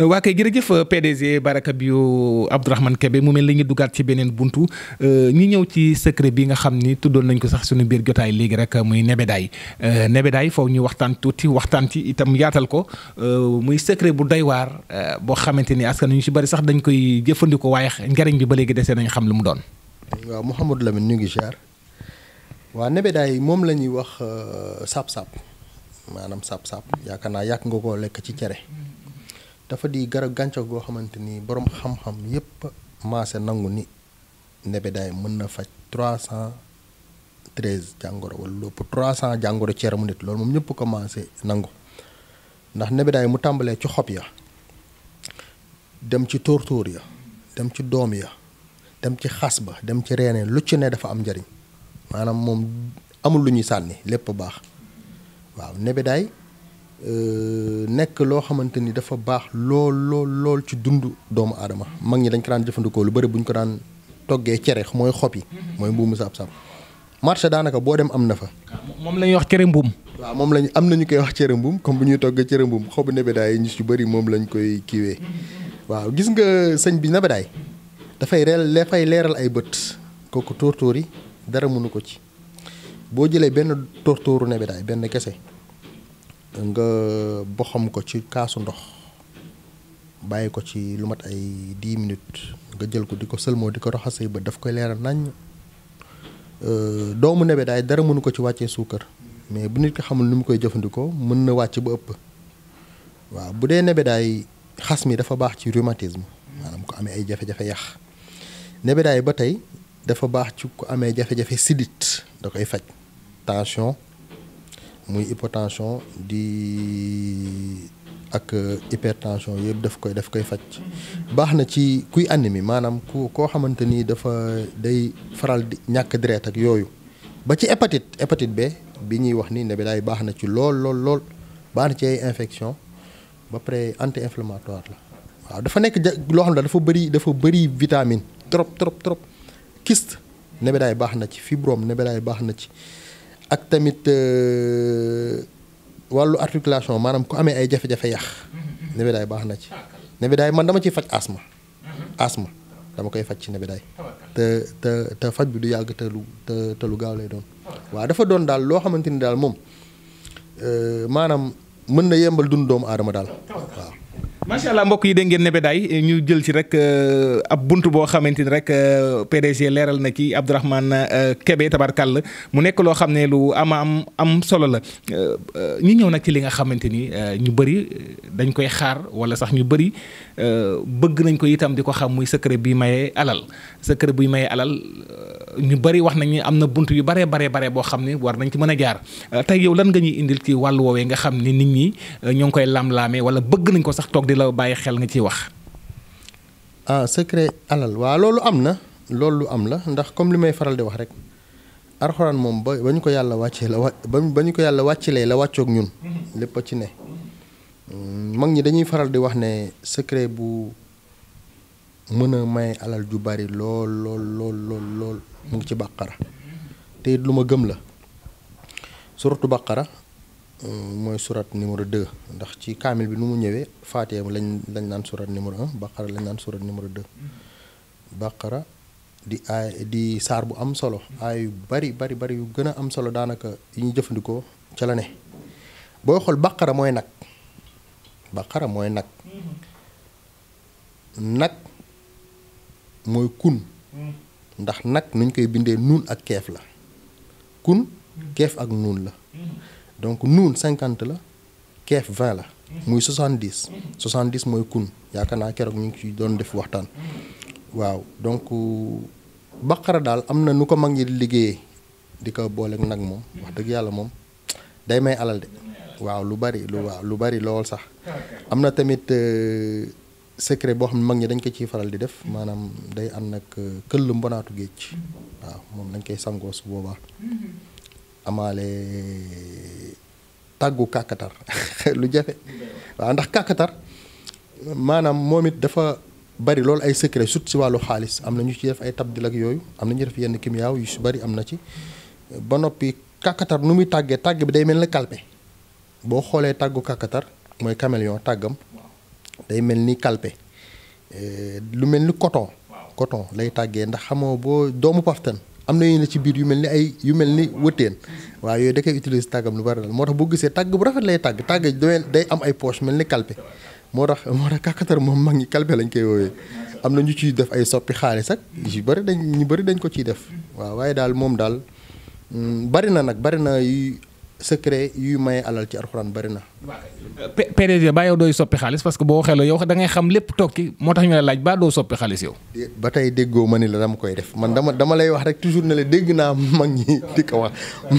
Euh, waa kay jërëjëf euh, PDG Baraka Bio Abdourahmane Kebe mu mel la ñu dugaat ci beneen buntu euh, ñu ñëw ci secret bi nga xam ni tuddoon nañ ko sax suñu biir jotaay léegi rek muy nebedaay nebedaay foofu ñu waxtaan tuuti waxtaan ci itam yaatal ko muy secret bu doy waar boo xamante ni askan ñu si bari sax dañ koy jëfandikoo waaye njariñ bi ba léegi desee nañu xam lu mu doon. waaw Mouhamadou Lamine ñu ngi ziar waa nebedaay moom lañuy ñuy wax sap sap maanaam sap sap yaakaar naa yàq nga koo lekk ci cere. dafa di garab gàncax goo xamante ni borom xam-xam yépp maase nangu ni nebedaay mën na faj trois cent treize jàngoro wala lépp trois cent jàngoro ci mu nit loolu moom ñëpp commencé nangu ndax nebedaay mu tàmbalee ci xob ya dem ci tóortóor ya dem ci doom ya dem ci xas ba dem ci reeneen lu ci ne dafa am njariñ maanaam moom amul lu ñuy sànni lépp baax waaw nebedaay Euh, nekk loo xamante ni dafa baax lool lool lool ci dund doomu aadama mag ñi dañ ko daan jëfandikoo lu bari bu ñu ko daan toggee cere mooy xob yi. mooy mbuumu saab-saab. marché daanaka boo dem am na fa. moom la ñuy wax cere mbuum. waaw moom lañ am na ñu koy wax cere mbuum comme bu ñuy toggee cere mbuum xobu nebedaay yi ñu ci bëri moom lañu koy kiiwee. waaw gis nga sëñ bi nebedaay dafay reel dafay leeral ay bët kooku tóortóor yi dara mënu ko ci boo jëlee benn tóortóoru nebedaay benn kese. nga boxam ko ci kaasu ndox bàyyi ko ci lu mat ay dix minutes nga jël ko di ko sëlmoo di ko raxasay ba daf koy leeral nañ euh, doomu nebe daay dara mënu ko ci wàccee suukar mais bu nit ko xamul ni mu koy jëfandikoo mën na wàcc ba ëpp waaw bu dee nebe daay xas mi dafa baax ci rhumatisme maanaam ko amee ay jafe-jafe yax nebedaay ba tey dafa baax ci ko amee jafe-jafe sidit da koy faj tension muy hypotension di ak hypertension yëpp daf koy daf koy faj baax na ci kuy anémie maanaam ku koo xamante ni dafa day faral di ñàkk deret ak yooyu ba ci hépatite hépatite B bi ñuy wax ni nebedaay baax na ci lool lool lool baax na ci ay infection ba pare anti inflammatoire la waaw dafa nekk loo xam ne dafa bëri dafa bëri vitamine trop trop trop kyste nebedaay baax na ci fibrome nebedaay baax na ci ak tamit euh, wàllu articulation maanaam ku amee ay jafe-jafe yax mhm. nebedaay baax na ci nebedaay man dama ciy faj asma mhm. asma dama koy faj ci nebedaay te te faj bi du yàgg te te lu gaaw lay doon waa dafa doon daal loo xamante ni daal moom euh, maanaam mën na yembal dund doomu aadama daal waaw macha allah mbokk yi dégg ngeen nebedaay eh, ñu jël ci rek eh, ab bunt boo xamante ni rek eh, PDG leeral na ci Abdourahmane Kébé tabarkàll mu nekk loo xam ne lu ama am am solo la ñu ñëw nag ci li nga xamante ni ñu bëri dañ koy xaar wala sax ñu bëri bëgg nañ ko itam di ko xam muy secret bi maye alal secret buy maye alal. ñu bëri wax nañ ni am na bunt yu baree baree bare boo xam ne war nañ ci mën a jaar euh, tey yow lan nga ñuy indil ci wàllu woowee nga xam ni nit ñi euh, ñoo ngi koy lam-laamee wala bëgg nañ ko sax toog di la bàyyi xel nga ciy wax ah secret alal waa loolu am na loolu am la ndax comme li may faral di wax rek arxuraan moom ba ba ñu ko yàlla wàccee la wa ba ñu ko yàlla wàccilee la wàccoog ñun mm-hmm. lépp a ci ne mm, mag ñi dañuy faral di wax ne secret bu mën a may alal ju bari lool lool lool lool lool mu ngi ci bàqara te lu ma gëm la suratu bàqara euh, mooy surat numéro 2 ndax ci kaamil bi nu mu ñëwee faatee lañ lañ naan surat numéro 1 bàqara lañ naan surat numéro 2 bàqara di aay di saar bu am solo aay yu bari bari bari yu gën a am solo daanaka yi ñu jëfandikoo ca la ne booy xool bàqara mooy nag bàqara mooy nag mm-hmm. nag mooy kun mm. ndax nag nuñ koy bindee nuun ak keef la kun mm. keef ak nuun la mm. donc nuun cinquante la keef vingt la muy soixante dix soixante dix mooy kun yaakaar naa keroog ñu ngi ci doon def waxtaan waaw donc baqara daal am na nu ko mag ñi di liggéeyee di ko booleeg nag moom wax dëgg yàlla moom day may alal de waaw lu bari lool sax am na tamit euh, secret boo xam ne mag ñi dañ ko ciy faral di def maanaam day am nag euh, këll mbonaatu géej waaw moom dañ koy sangoo su boobaa mm-hmm. amaale tàggu kàkkatar lu jafe waaw ndax kàkkatar maanaam moom it dafa bari loolu ay secret sut si wàllu xaalis am na ñu ci def ay tabdil ak yooyu am na ñu def yenn kimiyaaw su bari am na ci ba noppi kàkkatar nu muy tàggee tàgg bi day mel na kalpe boo xoolee tàggu kàkkatar mooy caméléon tàggam day mel ni calpe eh, lu mel ni coton. coton lay tàggee ndax xamoo boo doomu paftan am na yeneen ci biir yu mel ni ay yu mel ni wëteen waaw yooyu da koy utiliser tàggam lu bari la moo tax boo gisee tàgg bu rafet lay tàgg tàgg day am ay poche mel ni calpe moo tax moo tax kàkkatar moom mag ñi calpe lañ koy woowee. am na ñu ciy def ay soppi xaalis ak yu bari dañ ñu bëri dañ ko ciy def waaw waaye daal moom daal mm, bari na nag bari na yuy secret yuy maye alal ci alxuraan bari na PDG baa yow dooy soppi xaalis parce que boo xeloo yow da ngay xam lépp tokki moo tax ñu la laaj baa doo soppi xaalis yow. ba tey déggoo ma ni la dama koy def man dama dama lay wax rek toujours ne la dégg naa mag ñi ko wax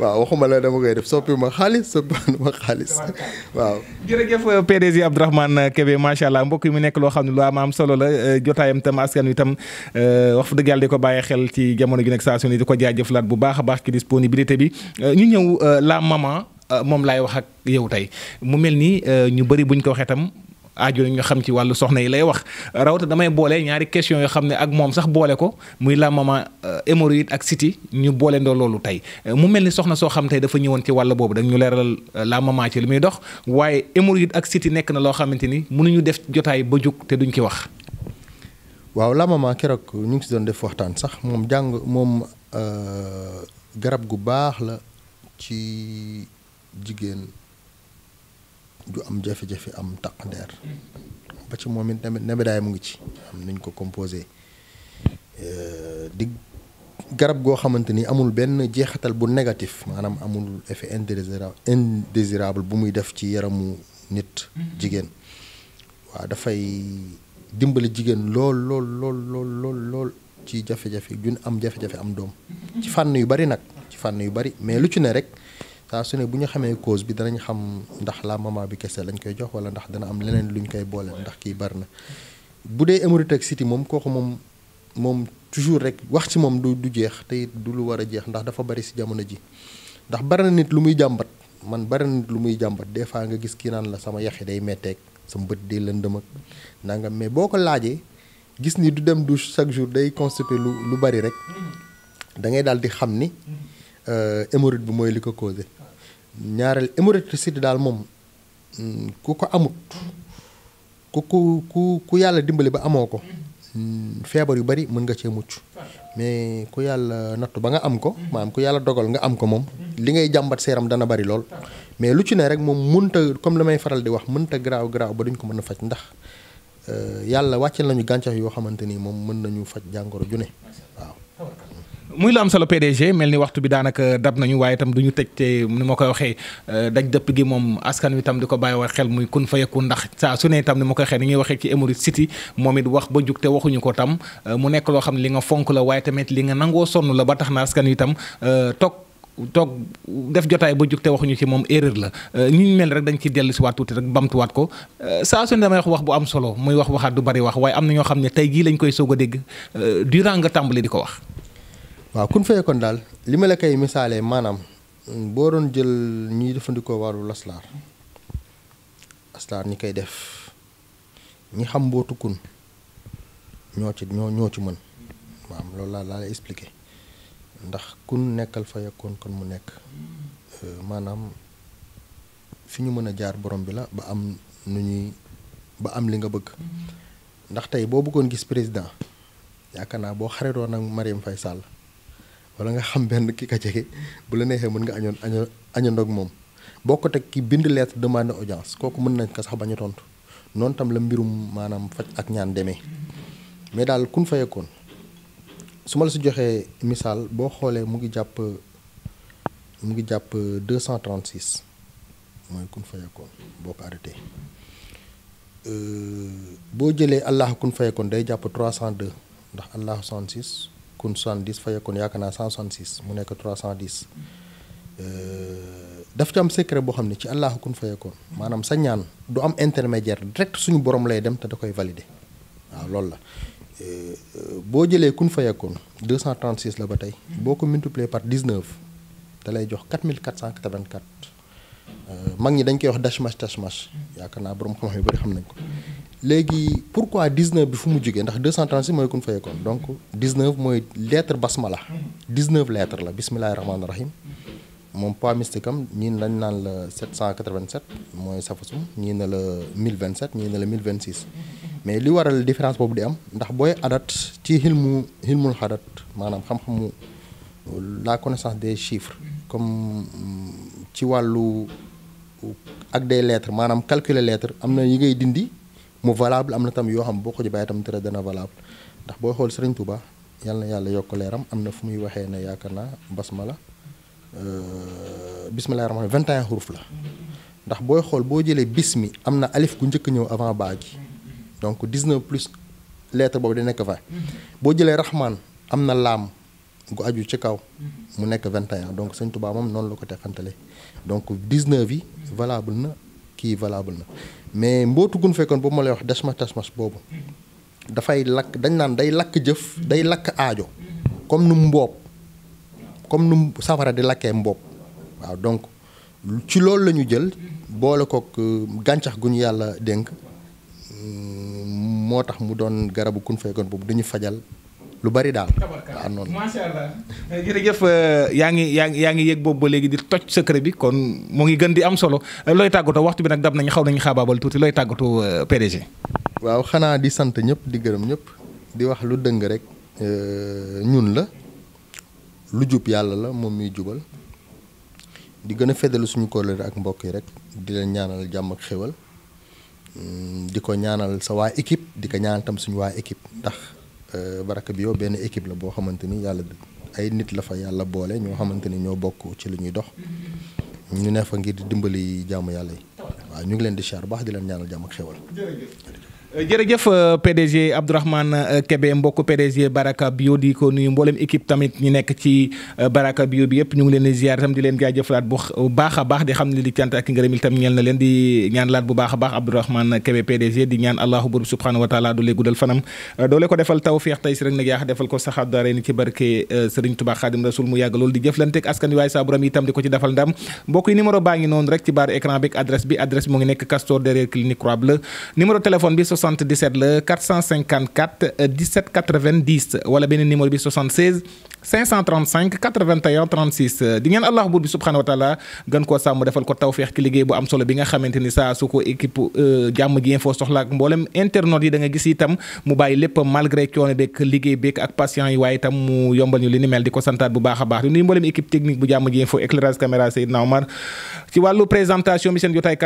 waaw waxuma la dama koy def soppi ma xaalis soppi ma xaalis waaw. jërëjëf euh, PDG Abdourahmane Kébé macha allah mbokk yi mu nekk loo xam ne lu am am solo la euh, jotaayam tam askan wi tam euh, wax fa dëgg ko bàyyi xel ci jamono ju nekk saa su ne di ko jaajëfalaat bu baax a baax ci disponibilité bi ñu ñëw la maman. Euh, moom laay wax ak yow tey mu mel ni euh, ñu bari buñ ko waxee tam aajo ñu xam ci wàllu soxna yi lay wax rawata damay boole ñaari question yoo xam ne ak moom sax boole ko muy la maman euh, hémorroïde ak siti ñu boole ndoo loolu tey mu mel ni soxna soo xam tey dafa ñëwoon ci wàll boobu da ñu leeral la maman ci li muy dox waaye hémorroïde ak siti nekk na loo xamante ni mënuñu def jotaay ba jug te duñ ci wax. waaw la maman keroog ñu ngi si doon def waxtaan sax moom jàng moom garab gu baax la jigéen ju am jafe-jafe am taq ndeer ba ci moom it nebedaay mu ngi ci am nañ ko composé euh, di garab goo xamante ni amul benn jeexatal bu négatif maanaam amul effet indésirable indésirable bu muy def ci yaramu nit jigéen waaw dafay dimbali jigéen lool lool lool lool ci jafe-jafe jun am jafe-jafe am doom ci fànn yu bari nag ci fànn yu bari mais lu ne rek saa su ne bu ñu xamee cause bi danañ xam ndax la maman bi kese lañ koy jox wala ndax dana am leneen luñ koy boole ndax kii bari na bu dee hémorroïde ak cystite moom kooku moom moom toujours rek wax ci moom du du jeex te it du lu war a jeex ndax dafa bari si jamono ji ndax bari na nit lu muy jàmbat man bari nit lu muy jàmbat des fois nga gis kii naan la sama yaxi day metteeg sama bët dee lëndëm ak nanga mais boo ko laajee gis ni du dem du chaque jour day constipé lu lu bari rek da ngay daal di xam ni hémorroïde euh, bi mooy li ko causé. ñaareel hémorroïde daal moom mm, ku ko amut ku ku ku ku yàlla dimbali ba amoo ko mm, feebar yu bari mën nga cee mucc mais ku yàlla nattu ba nga am ko maam ku yàlla dogal nga am ko moom li ngay jàmbat seeram dana bari lool mais lu ci ne rek moom mënta comme li may faral di wax mënta garaaw garaaw ba duñ ko mën a faj ndax euh, yàlla wàccal nañu gàncax yoo xamante ni moom mën nañu faj jàngoro ju ne waaw muy la am solo PDG mel ni waxtu bi daanaka dab nañu waaye tam du ñu tëj te ni ma koy waxee euh, daj dëpp gi moom askan wi tam di ko bàyyiwaat xel muy kun fa yekku ndax saa su ne itam ni ma koy ñuy waxee ci Emory City moom it wax ba jug te waxuñu ko tam euh, mu nekk loo xam ne nga fonk la waaye tamit li nga nangoo sonn la ba tax na askan wi itam euh, toog toog def jotaay ba jug te waxuñu ci moom erreur la ñu mel rek dañ ciy dellu si tuuti rek bamtuwaat ko saa wax bu am solo muy wax waxaat du bari wax waaye am na ñoo xam ne tey gii lañ koy soog a dégg durant nga tàmbali di ko wax. waaw kun fayekoon daal li ma la koy misaalee maanaam boo doon jël ñuy jëfandikoo wàllu laslaar aslaar ñi koy def ñi xam mbootu kun ñoo ci ñoo ñoo ci mën maam loolu laa laa lay expliqué ndax kun nekkal fa yekkoon kon mu nekk euh, maanaam fi ñu mën a jaar borom bi la ba am nu ñuy ba am li nga bëgg mm-hmm. ndax tey boo bëggoon gis président yaakaar naa boo xaritoon ak Marième Faye Sall wala nga xam benn ki ka jege bu la neexee mën nga añoon año añandoog moom boo ko teg ki bind lettre demande audience kooku mën nañ ko sax bañ a tontu noonu tam la mbirum maanaam faj ak ñaan deme mais daal kun fayekoon su ma la si joxee misaal boo xoolee mu ngi jàpp mu ngi jàpp cent 236 mooy kun fayekoon boo ko arrêté euh, boo jëlee allahu kun fayekoon day jàpp cent 302 ndax allahu 66 kun 70 fayekoon yaakaar naa 166 mu nekk 310 euh, daf ci am secret boo xam ne ci allahu kun fayekoon maanaam sañaan du am intermédiaire direct suñu borom lay dem te da koy valider waaw loolu la euh, boo jëlee kun fayekoon 236 la ba tey boo ko multiplier par 19 da lay jox 4484 euh, mag ñi dañ koy wax dash mash dash mash yaakaar naa borom xam-xam yu bëri xam nañ ko. léegi pourquoi 19 bi fu mu jugee ndax 236 mooy ku ñu fayekoon donc 19 mooy lettre basmala 19 lettres la bismillahi rahmaani rahim moom poids mystique am ñii lañ naan la 787 mooy safasum ñii na la 1027 ñii na la 1026 mais li waral différence boobu di am ndax booy adat ci xilmu xilmul xadat maanaam xam-xamu la connaissance des chiffres comme mm, ci wàllu ak des lettres maanaam calculer lettres am na yi ngay dindi mu valable am na tam yoo xam boo ko ci bàyyi tam tere dana valable ndax booy xool Serigne Touba yàlla na yàlla yokk leeram am na fu muy waxee ne yaakaar naa basmala euh, bismillahi rahmaani 21 xuruf la ndax booy xool boo jëlee bismi am na alif gu njëkk ñëw avant baa gi donc 19 plus lettre boobu di nekk 20 boo jëlee rahmaan am na laam gu aju ci kaw mu nekk 21 donc Serigne Touba moom noonu la ko teqantale donc 19 yi valable na. kii valable na mais mbootu gun fekkoon boobu ma lay wax des desma tasmas boobu dafay lakk dañ naan day lakk jëf day lakk aajo comme nu mboob comme nu safara di lakkee mboob waaw donc ci loolu la ñu jël boole kook euh, gàncax gu ñu yàlla dénk euh, moo tax mu doon garabu kun fekkoon boobu dañu fajal lu bari daal. waaw noonu eh, eh, yaa ngi yaa ngi yaa ngi yëg boobu ba léegi di toj secret bi kon mu ngi gën di am solo eh, looy tàggatoo waxtu bi nag dab nañu xaw nañu xaabaabal tuuti looy tàggatoo PDG. waaw xanaa di sant ñëpp di gërëm ñëpp di wax lu dëng rek ñun la lu jub yàlla la moom miy jubal di gën a feddalu suñu kóllëre ak mbokk yi rek di leen ñaanal jàmm ak xéwal mm, di ko ñaanal sa waa équipe di ko ñaanal tam suñu waa équipe ndax. Euh, baraka bio benn équipe la boo xamante ni yàlla ay nit la fa yàlla boole ñoo xamante ni ñoo bokk ci li ñuy dox ñu ne fa ngir dimbali jàmm yàlla yi waaw ñu ngi leen di char baax di leen ñaanal jàmm ak xewal jërëjëf euh, PDG Abdourahmane euh, Kébé mbokk PDG Baraka Bio di ko nuyu mboolem équipe tamit ñi nekk ci euh, Baraka Bio bi yëpp ñu ngi leen di ziar tam di leen jaajëfalaat bu baax a baax di xam ne li cant ak ngërëm tam ñeel na di ñaan laat bu baax baax Abdourahmane Kébé PDG di ñaan allahu bur subhanahu wa taala guddal fanam doole ko defal tawfiix tey si rek nag yaax defal ko saxaab daare ni ci barke Serigne Touba Khadim Rasoul mu yàgg loolu di jëflanteeg askan wi 77 la 454 17 90 wala beneen numéro bi 76 535 81 36 di ngeen allah buur bi subhanahu wa taala gën koo sàmm defal ko tawféex ci liggéey bu am solo bi nga xamante ni saa su ko équipe euh, jàmm ji info soxla ak mboolem internautes yi da gis itam mu bàyyi lépp malgré coono beeg liggéey beeg ak patient yi waaye itam mu yombal ñu li ni mel di ko santaat bu baax baax di mboolem équipe technique bu jàmm ji info éclairage caméra Seydina Omar ci wàllu présentation bi seen jotaay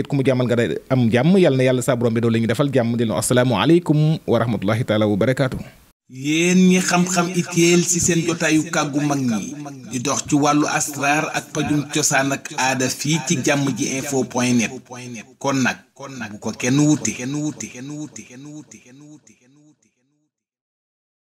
téyet ku mu jàmmal jàmm yàlla na yàlla saa borom bi doo la ñu defal jàmm di leen asalaamaaleykum wa rahmatullahi xam-xam itéel ci seen jotaayu kàggu mag ñi di dox ci wàllu asraar ak pajum cosaan ak aada fii ci jàmm ji info point net kon nag bu ko kenn wuti